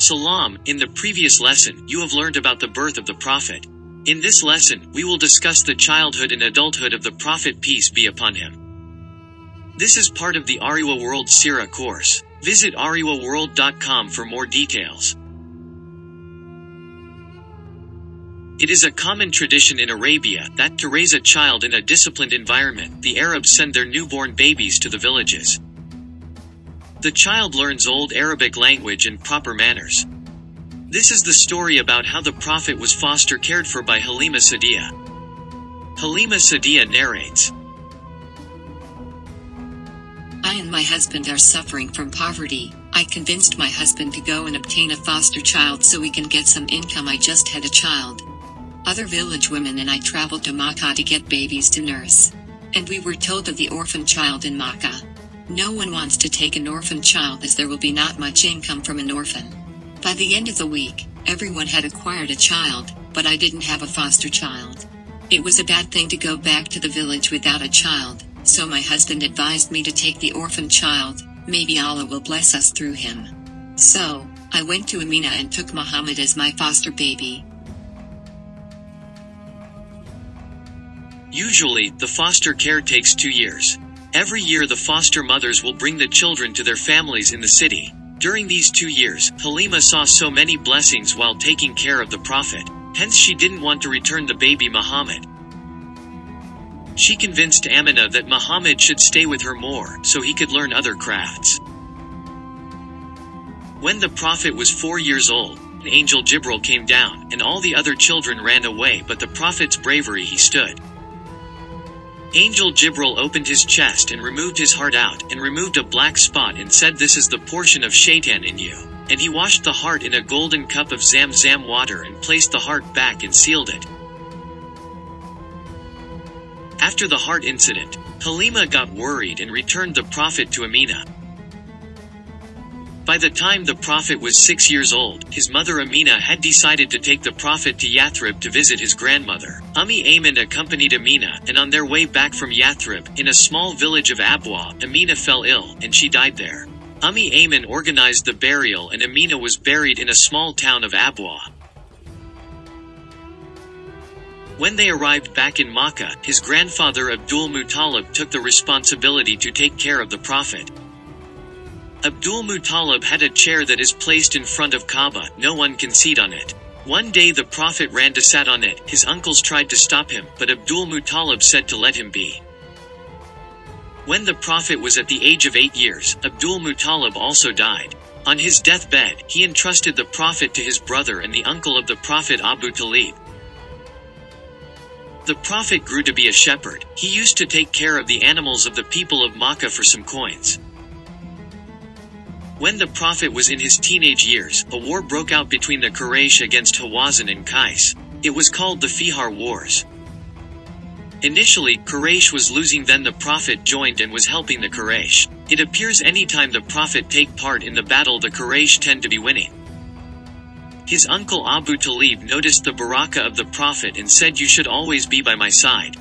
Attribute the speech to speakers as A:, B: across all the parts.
A: Salam, in the previous lesson, you have learned about the birth of the Prophet. In this lesson, we will discuss the childhood and adulthood of the Prophet peace be upon him. This is part of the Ariwa World Sira course. Visit ariwaworld.com for more details. It is a common tradition in Arabia that to raise a child in a disciplined environment, the Arabs send their newborn babies to the villages. The child learns old Arabic language and proper manners. This is the story about how the Prophet was foster cared for by Halima Sadia. Halima Sadia narrates
B: I and my husband are suffering from poverty. I convinced my husband to go and obtain a foster child so we can get some income. I just had a child. Other village women and I traveled to Makkah to get babies to nurse. And we were told of the orphan child in Makkah. No one wants to take an orphan child as there will be not much income from an orphan. By the end of the week, everyone had acquired a child, but I didn't have a foster child. It was a bad thing to go back to the village without a child, so my husband advised me to take the orphan child, maybe Allah will bless us through him. So, I went to Amina and took Muhammad as my foster baby.
A: Usually, the foster care takes two years. Every year, the foster mothers will bring the children to their families in the city. During these two years, Halima saw so many blessings while taking care of the Prophet, hence, she didn't want to return the baby Muhammad. She convinced Amina that Muhammad should stay with her more, so he could learn other crafts. When the Prophet was four years old, an angel Jibril came down, and all the other children ran away, but the Prophet's bravery he stood. Angel Jibril opened his chest and removed his heart out, and removed a black spot and said this is the portion of Shaitan in you. And he washed the heart in a golden cup of Zamzam water and placed the heart back and sealed it. After the heart incident, Halima got worried and returned the Prophet to Amina. By the time the prophet was six years old, his mother Amina had decided to take the prophet to Yathrib to visit his grandmother. Ummi Amin accompanied Amina, and on their way back from Yathrib, in a small village of Abwa, Amina fell ill, and she died there. Ummi Amin organized the burial and Amina was buried in a small town of Abwa. When they arrived back in Makkah, his grandfather Abdul Muttalib took the responsibility to take care of the prophet. Abdul Muttalib had a chair that is placed in front of Kaaba, no one can seat on it. One day the Prophet ran to sat on it, his uncles tried to stop him, but Abdul Muttalib said to let him be. When the Prophet was at the age of eight years, Abdul Muttalib also died. On his deathbed, he entrusted the Prophet to his brother and the uncle of the Prophet Abu Talib. The Prophet grew to be a shepherd, he used to take care of the animals of the people of Makkah for some coins. When the Prophet was in his teenage years, a war broke out between the Quraysh against Hawazin and Qais. It was called the Fihar Wars. Initially, Quraysh was losing then the Prophet joined and was helping the Quraysh. It appears anytime the Prophet take part in the battle the Quraysh tend to be winning. His uncle Abu Talib noticed the baraka of the Prophet and said you should always be by my side.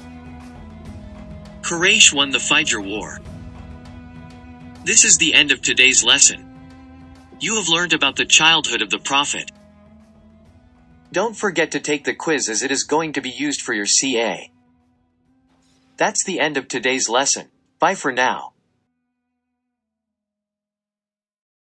A: Quraysh won the Fijr War. This is the end of today's lesson. You have learned about the childhood of the Prophet. Don't forget to take the quiz as it is going to be used for your CA. That's the end of today's lesson. Bye for now.